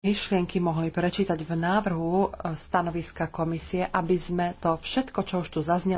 myšlienky mohli prečítať v návrhu e, stanoviska komisie, aby sme to všetko, čo už tu zaznelo,